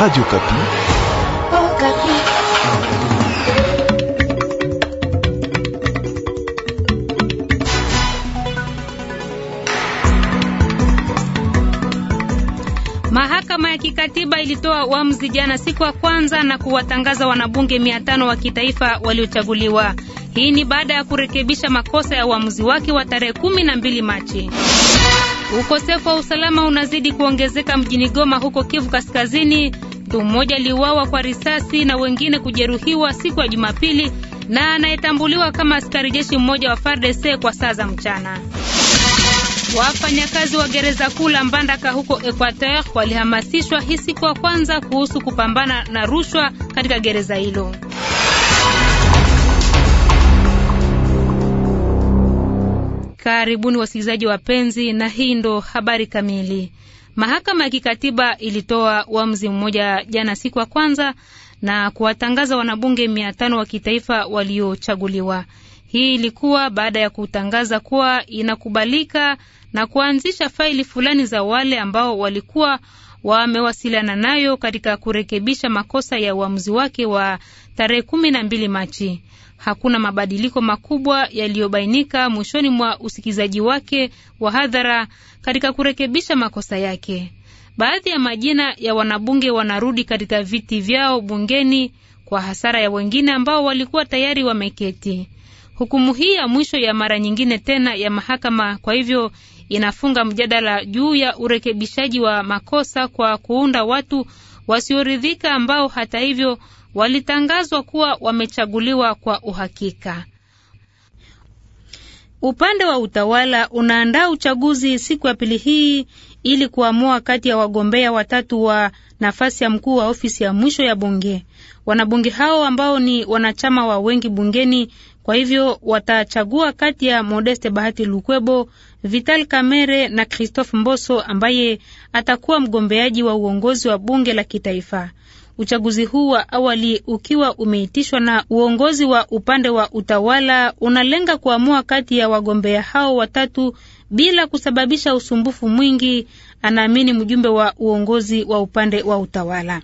Radio Okapi. Oh, Mahakama ya kikatiba ilitoa uamuzi jana siku ya kwanza na kuwatangaza wanabunge 500 wa kitaifa waliochaguliwa. Hii ni baada ya kurekebisha makosa ya uamuzi wake wa tarehe 12 Machi. Ukosefu wa usalama unazidi kuongezeka mjini Goma huko Kivu Kaskazini. Mtu mmoja aliuawa kwa risasi na wengine kujeruhiwa siku ya Jumapili na anayetambuliwa kama askari jeshi mmoja wa FARDC kwa saa za mchana. Wafanyakazi wa gereza kuu la Mbandaka huko Equateur walihamasishwa hii siku ya kwanza kuhusu kupambana na rushwa katika gereza hilo. Karibuni wasikilizaji wapenzi, na hii ndo habari kamili. Mahakama ya kikatiba ilitoa uamuzi mmoja jana siku ya kwanza na kuwatangaza wanabunge mia tano wa kitaifa waliochaguliwa. Hii ilikuwa baada ya kutangaza kuwa inakubalika na kuanzisha faili fulani za wale ambao walikuwa wamewasiliana nayo katika kurekebisha makosa ya uamuzi wake wa tarehe kumi na mbili Machi. Hakuna mabadiliko makubwa yaliyobainika mwishoni mwa usikizaji wake wa hadhara katika kurekebisha makosa yake. Baadhi ya majina ya wanabunge wanarudi katika viti vyao bungeni kwa hasara ya wengine ambao walikuwa tayari wameketi. Hukumu hii ya mwisho ya mara nyingine tena ya mahakama, kwa hivyo inafunga mjadala juu ya urekebishaji wa makosa kwa kuunda watu wasioridhika ambao hata hivyo walitangazwa kuwa wamechaguliwa kwa uhakika. Upande wa utawala unaandaa uchaguzi siku ya pili hii ili kuamua kati ya wagombea watatu wa nafasi ya mkuu wa ofisi ya mwisho ya bunge. Wanabunge hao ambao ni wanachama wa wengi bungeni, kwa hivyo watachagua kati ya Modeste Bahati Lukwebo, Vital Kamere na Christophe Mboso ambaye atakuwa mgombeaji wa uongozi wa bunge la kitaifa uchaguzi huu wa awali ukiwa umeitishwa na uongozi wa upande wa utawala unalenga kuamua kati ya wagombea hao watatu bila kusababisha usumbufu mwingi, anaamini mjumbe wa uongozi wa upande wa utawala.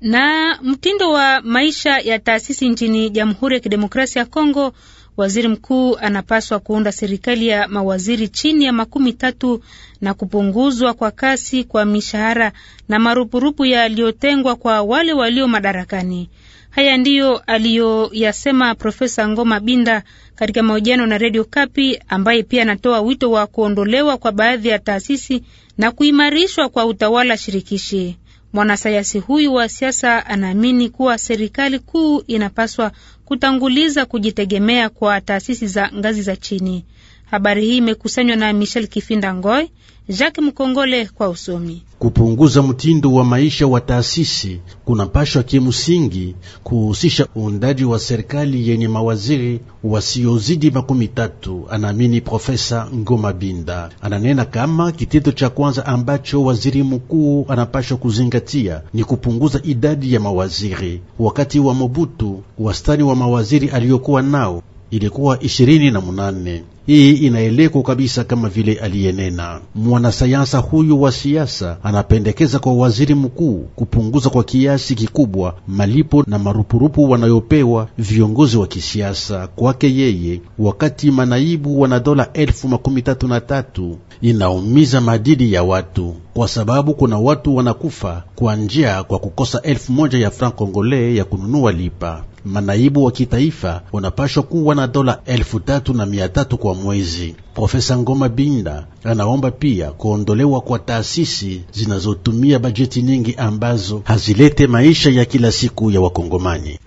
Na mtindo wa maisha ya taasisi nchini Jamhuri ya Kidemokrasia ya Kongo waziri mkuu anapaswa kuunda serikali ya mawaziri chini ya makumi tatu na kupunguzwa kwa kasi kwa mishahara na marupurupu yaliyotengwa kwa wale walio madarakani. Haya ndiyo aliyoyasema Profesa Ngoma Binda katika mahojiano na Redio Kapi, ambaye pia anatoa wito wa kuondolewa kwa baadhi ya taasisi na kuimarishwa kwa utawala shirikishi. Mwanasayansi huyu wa siasa anaamini kuwa serikali kuu inapaswa kutanguliza kujitegemea kwa taasisi za ngazi za chini. Habari hii imekusanywa na Michel Kifinda Ngoy. Jacques Mkongole kwa usomi. Kupunguza mtindo wa maisha wa taasisi kunapashwa kimsingi kuhusisha uundaji wa serikali yenye mawaziri wasiozidi makumi tatu, anaamini Profesa Ngoma Binda. Ananena kama kitendo cha kwanza ambacho waziri mkuu anapashwa kuzingatia ni kupunguza idadi ya mawaziri. Wakati wa Mobutu wastani wa mawaziri aliyokuwa nao ilikuwa ishirini na munane. Hii inaelekwa kabisa kama vile aliyenena mwanasayansa huyu wa siasa. Anapendekeza kwa waziri mkuu kupunguza kwa kiasi kikubwa malipo na marupurupu wanayopewa viongozi wa kisiasa. Kwake yeye, wakati manaibu wana dola elfu makumi tatu na tatu inaumiza madidi ya watu, kwa sababu kuna watu wanakufa kwa njia kwa kukosa elfu moja ya franc congolais ya kununua lipa. Manaibu wa kitaifa wanapashwa kuwa na dola elfu tatu na mia tatu kwa mwezi. Profesa Ngoma Binda anaomba pia kuondolewa kwa taasisi zinazotumia bajeti nyingi ambazo hazilete maisha ya kila siku ya Wakongomani.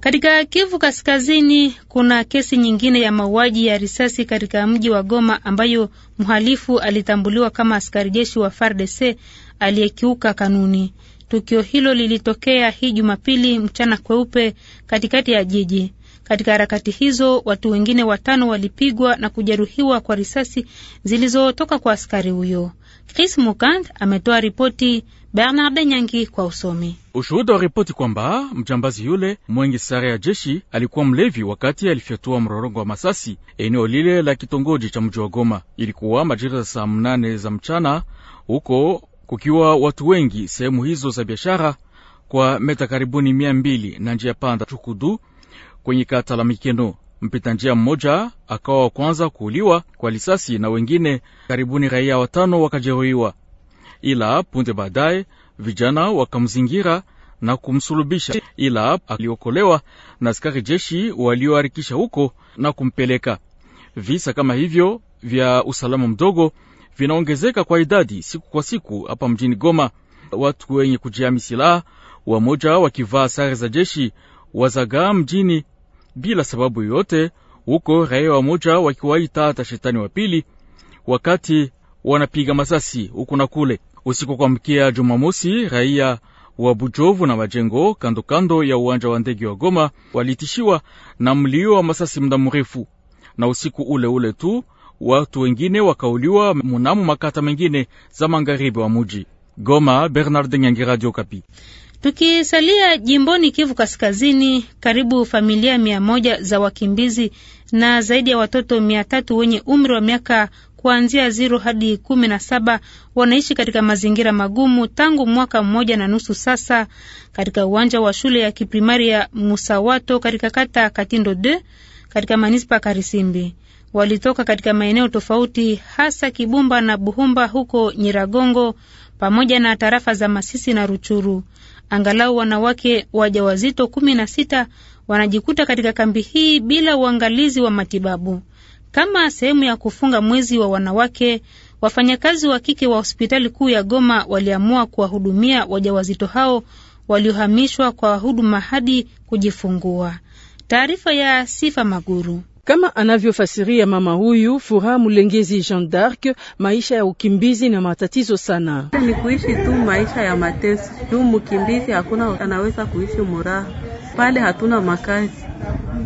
Katika Kivu Kaskazini kuna kesi nyingine ya mauaji ya risasi katika mji wa Goma ambayo mhalifu alitambuliwa kama askari jeshi wa FARDC aliyekiuka kanuni. Tukio hilo lilitokea hii Jumapili mchana kweupe katikati ya jiji. Katika harakati hizo watu wengine watano walipigwa na kujeruhiwa kwa risasi zilizotoka kwa askari huyo. Chris Mukand ametoa ripoti. Bernard Nyangi kwa usomi. Ushuhuda wa ripoti kwamba mjambazi yule mwenye sare ya jeshi alikuwa mlevi wakati alifyatua mrorongo wa masasi eneo lile la kitongoji cha mji wa Goma. Ilikuwa majira za saa mnane za mchana huko kukiwa watu wengi sehemu hizo za biashara kwa meta karibuni mia mbili na njia panda Chukudu kwenye kata la Mikeno. Mpita njia mmoja akawa wa kwanza kuuliwa kwa lisasi na wengine karibuni raia watano wakajeruhiwa, ila punde baadaye vijana wakamzingira na kumsulubisha, ila aliokolewa na askari jeshi walioharikisha huko na kumpeleka. Visa kama hivyo vya usalama mdogo vinaongezeka kwa idadi siku kwa siku hapa mjini Goma. Watu wenye kujihami silaha, wamoja wakivaa sare za jeshi, wazagaa mjini bila sababu yoyote, huko raia wamoja wakiwaita hata shetani wa pili, wakati wanapiga masasi huku na kule. Usiku kwa mkia Jumamosi, raia wa Bujovu na majengo kando kando ya uwanja wa ndege wa Goma walitishiwa na mlio wa masasi muda mrefu, na usiku ule ule tu watu wengine wakauliwa munamu makata mengine za magharibi wa muji Goma. Bernard Nyangi, Radio Kapi. Tukisalia jimboni Kivu Kaskazini, karibu familia mia moja za wakimbizi na zaidi ya watoto mia tatu wenye umri wa miaka kuanzia zero hadi kumi na saba wanaishi katika mazingira magumu tangu mwaka mmoja na nusu sasa katika uwanja wa shule ya kiprimari ya Musawato katika kata Katindo de katika manispa Karisimbi walitoka katika maeneo tofauti, hasa Kibumba na Buhumba huko Nyiragongo, pamoja na tarafa za Masisi na Ruchuru. Angalau wanawake wajawazito kumi na sita wanajikuta katika kambi hii bila uangalizi wa matibabu. Kama sehemu ya kufunga mwezi wa wanawake, wafanyakazi wa kike wa hospitali kuu ya Goma waliamua kuwahudumia wajawazito hao waliohamishwa kwa huduma hadi kujifungua. Taarifa ya Sifa Maguru kama anavyofasiria mama huyu Furaha Mulengezi Jean d'Arc. Maisha ya ukimbizi na matatizo sana, ni kuishi tu maisha ya mateso juu mkimbizi hakuna anaweza kuishi muraha pale, hatuna makazi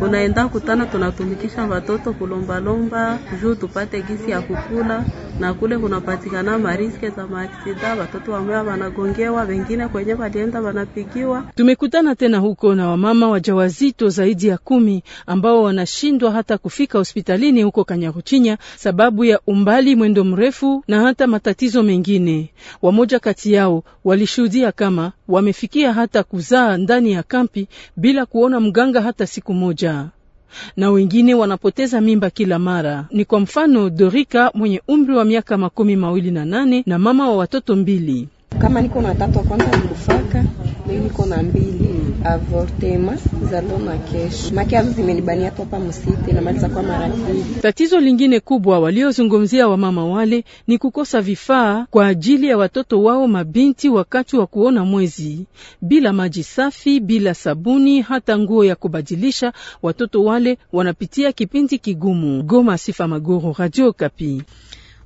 unaenda kutana, tunatumikisha watoto kulombalomba juu tupate gisi ya kukula na kule kunapatikana mariske za maaksida, watoto wamoya wanagongewa, wengine kwenye walienda wanapigiwa. Tumekutana tena huko na wamama wajawazito zaidi ya kumi ambao wanashindwa hata kufika hospitalini huko Kanyaruchinya sababu ya umbali, mwendo mrefu na hata matatizo mengine. Wamoja kati yao walishuhudia kama wamefikia hata kuzaa ndani ya kampi bila kuona mganga hata siku moja na wengine wanapoteza mimba kila mara. Ni kwa mfano Dorika mwenye umri wa miaka makumi mawili na nane na mama wa watoto mbili. Kama niko na tatu kwanza ni nikufaka mimi niko na mbili avortema zalo na kesho maki azo zimenibania hapa msiti na maliza kwa mara mbili. Tatizo lingine kubwa waliozungumzia wamama wale ni kukosa vifaa kwa ajili ya watoto wao mabinti wakati wa kuona mwezi, bila maji safi, bila sabuni, hata nguo ya kubadilisha. Watoto wale wanapitia kipindi kigumu. Goma, Sifa Magoro, Radio Kapi.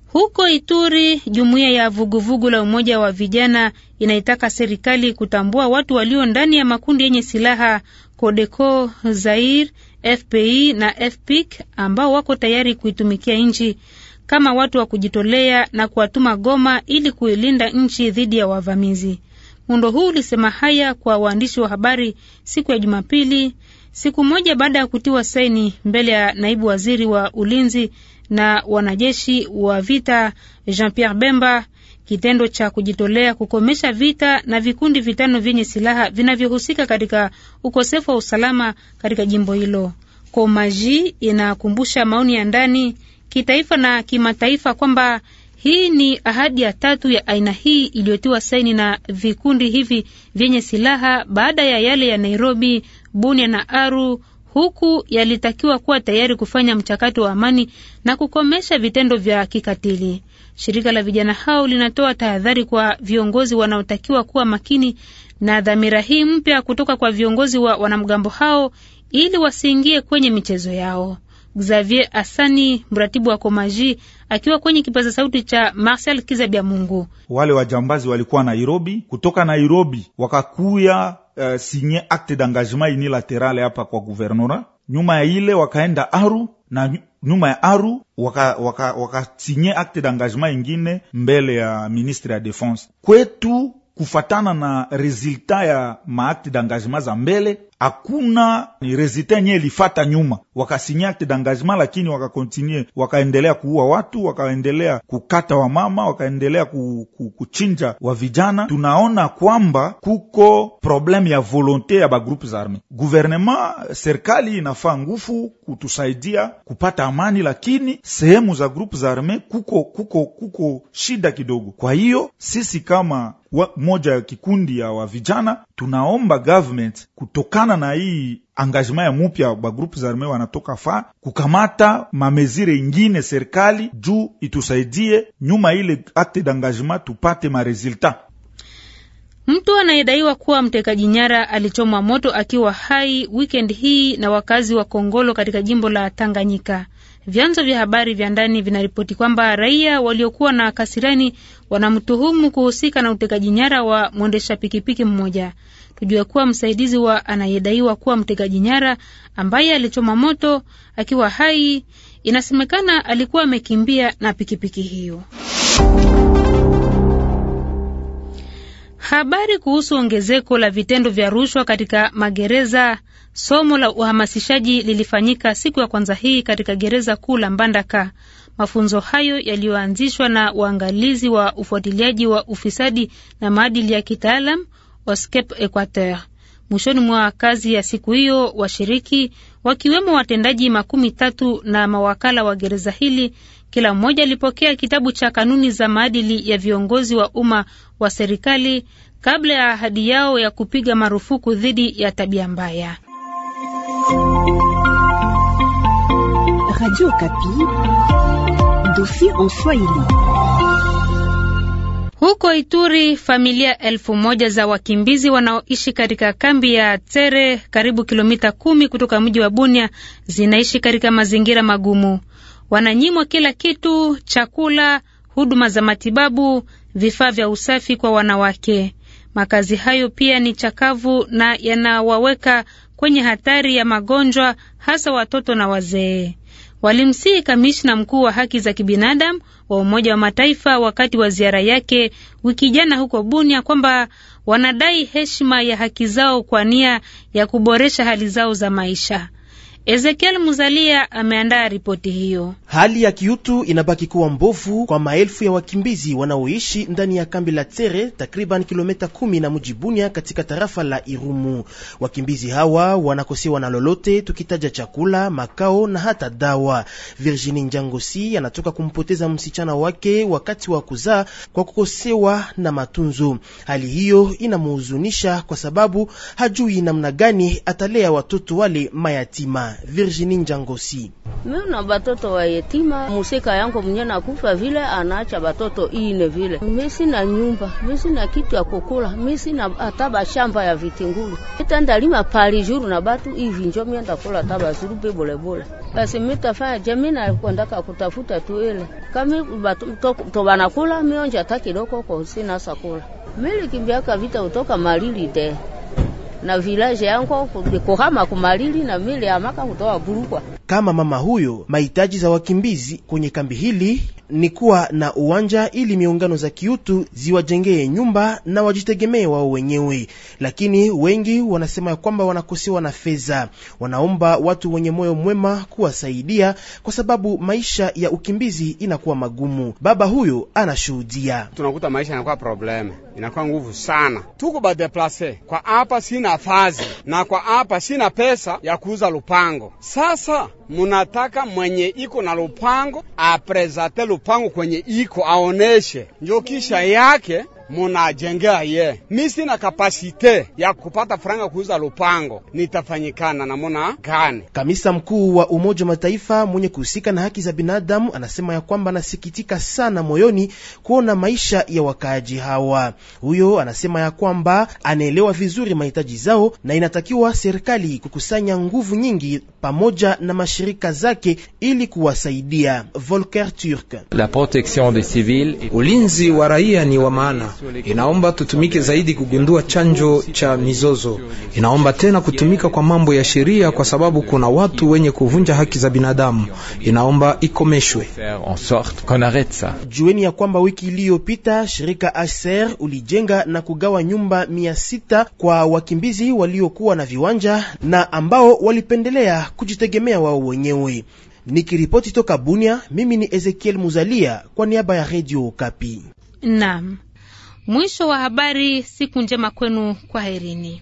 Huko Ituri, jumuiya ya vuguvugu la umoja wa vijana inaitaka serikali kutambua watu walio ndani ya makundi yenye silaha Codeco, Zair, FPI na FPIC ambao wako tayari kuitumikia nchi kama watu wa kujitolea na kuwatuma Goma ili kuilinda nchi dhidi ya wavamizi. Muundo huu ulisema haya kwa waandishi wa habari siku ya Jumapili, siku moja baada ya kutiwa saini mbele ya naibu waziri wa ulinzi na wanajeshi wa vita Jean-Pierre Bemba kitendo cha kujitolea kukomesha vita na vikundi vitano vyenye silaha vinavyohusika katika ukosefu wa usalama katika jimbo hilo. Komaji inakumbusha maoni ya ndani kitaifa na kimataifa kwamba hii ni ahadi ya tatu ya aina hii iliyotiwa saini na vikundi hivi vyenye silaha baada ya yale ya Nairobi, Bunia na Aru huku yalitakiwa kuwa tayari kufanya mchakato wa amani na kukomesha vitendo vya kikatili. Shirika la vijana hao linatoa tahadhari kwa viongozi wanaotakiwa kuwa makini na dhamira hii mpya kutoka kwa viongozi wa wanamgambo hao ili wasiingie kwenye michezo yao. Xavier Asani, mratibu wa Komaji, akiwa kwenye kipaza sauti cha Marcel Kizabya Mungu. Wale wajambazi walikuwa Nairobi, kutoka Nairobi wakakuya uh, sinye acte d'engagement unilaterale hapa kwa guvernora. Nyuma ya ile wakaenda Aru na nyuma ya Aru wakasinye waka, waka acte d'engagement ingine mbele ya ministre ya defense kwetu kufatana na resulta ya maakti d'engagement za mbele hakuna rezita nye lifata nyuma, wakasinyate dangazima, lakini wakakontinue, wakaendelea kuua watu, wakaendelea kukata wamama, wakaendelea ku, ku, kuchinja wa vijana. Tunaona kwamba kuko probleme ya volonte ya bagroupe za arme. Guvernema, serikali inafaa ngufu kutusaidia kupata amani, lakini sehemu za grupu za arme kuko, kuko, kuko shida kidogo. Kwa hiyo sisi kama wa, moja ya kikundi ya wa vijana tunaomba government kutokana na hii angajema ya mupya ba grupu za arme wanatoka fa kukamata mamezire ingine serikali juu itusaidie nyuma ile acte d'engagement tupate maresultat. Mtu anayedaiwa kuwa mtekaji nyara alichomwa moto akiwa hai weekend hii na wakazi wa Kongolo katika jimbo la Tanganyika. Vyanzo vya habari vya ndani vinaripoti kwamba raia waliokuwa na kasirani wanamtuhumu kuhusika na utekaji nyara wa mwendesha pikipiki mmoja. Tujue kuwa msaidizi wa anayedaiwa kuwa mtekaji nyara ambaye alichoma moto akiwa hai, inasemekana alikuwa amekimbia na pikipiki hiyo. Habari kuhusu ongezeko la vitendo vya rushwa katika magereza. Somo la uhamasishaji lilifanyika siku ya kwanza hii katika gereza kuu la Mbandaka. Mafunzo hayo yaliyoanzishwa na waangalizi wa ufuatiliaji wa ufisadi na maadili ya kitaalam Oscape Equateur. Mwishoni mwa kazi ya siku hiyo, washiriki wakiwemo watendaji makumi tatu na mawakala wa gereza hili, kila mmoja alipokea kitabu cha kanuni za maadili ya viongozi wa umma wa serikali kabla ya ahadi yao ya kupiga marufuku dhidi ya tabia mbaya. Radio Kapi, dossier en Swahili. Huko Ituri, familia elfu moja za wakimbizi wanaoishi katika kambi ya Tere karibu kilomita kumi kutoka mji wa Bunia zinaishi katika mazingira magumu. Wananyimwa kila kitu, chakula, huduma za matibabu, vifaa vya usafi kwa wanawake. Makazi hayo pia ni chakavu na yanawaweka kwenye hatari ya magonjwa hasa watoto na wazee walimsihi kamishna mkuu wa haki za kibinadamu wa Umoja wa Mataifa wakati wa ziara yake wiki jana huko Bunia kwamba wanadai heshima ya haki zao kwa nia ya kuboresha hali zao za maisha. Ezekiel Muzalia ameandaa ripoti hiyo. Hali ya kiutu inabaki kuwa mbovu kwa maelfu ya wakimbizi wanaoishi ndani ya kambi la Tere, takriban kilomita kumi na mji Bunia, katika tarafa la Irumu. Wakimbizi hawa wanakosewa na lolote, tukitaja chakula, makao na hata dawa. Virginie Njangosi anatoka kumpoteza msichana wake wakati wa kuzaa kwa kukosewa na matunzo. Hali hiyo inamuhuzunisha kwa sababu hajui namna gani atalea watoto wale mayatima. Virginie Njangosi. Mimi na batoto wa yetima musika yango mwenye nakufa vile anaacha batoto ine vile. Mimi sina nyumba, mimi sina kitu ya kukula, mimi sina hata bashamba ya vitunguru. ndalima pali juru na batu hivi njo mimi ndakula taba zuru pe bole bole. Basi mimi tafanya jamii na kuandaka kutafuta tu ile. Kama batoto to banakula mimi onja hata kidogo kwa sina sakula. Mimi kimbiaka vita kutoka Malili de na village yango kuhama kumalili na ya amaka kutoa bulukwa kama mama huyo. Mahitaji za wakimbizi kwenye kambi hili ni kuwa na uwanja ili miungano za kiutu ziwajengee nyumba na wajitegemee wao wenyewe, lakini wengi wanasema ya kwamba wanakosewa na fedha. Wanaomba watu wenye moyo mwema kuwasaidia kwa sababu maisha ya ukimbizi inakuwa magumu. Baba huyo anashuhudia: tunakuta maisha inakuwa probleme, inakuwa nguvu sana, tuko badeplase kwa hapa, sina fazi na kwa hapa sina pesa ya kuuza lupango. Sasa munataka mwenye iko na lupango apresate lupango kwenye iko aoneshe, njo kisha yake munajengea ye. Mi sina kapasite ya kupata franga kuuza lupango, nitafanyikana namuna gani? Kamisa mkuu wa Umoja wa Mataifa mwenye kuhusika na haki za binadamu anasema ya kwamba anasikitika sana moyoni kuona maisha ya wakaaji hawa. Huyo anasema ya kwamba anaelewa vizuri mahitaji zao na inatakiwa serikali kukusanya nguvu nyingi pamoja na mashirika zake ili kuwasaidia. Volker Turk: La protection des civils, ulinzi wa raia ni wa maana inaomba tutumike zaidi kugundua chanjo cha mizozo, inaomba tena kutumika kwa mambo ya sheria, kwa sababu kuna watu wenye kuvunja haki za binadamu, inaomba ikomeshwe. Jueni ya kwamba wiki iliyopita shirika HCR ulijenga na kugawa nyumba mia sita kwa wakimbizi waliokuwa na viwanja na ambao walipendelea kujitegemea wao wenyewe. Nikiripoti toka Bunia, mimi ni Ezekiel Muzalia kwa niaba ya redio Kapi. Naam. Mwisho wa habari. Siku njema kwenu, kwaherini.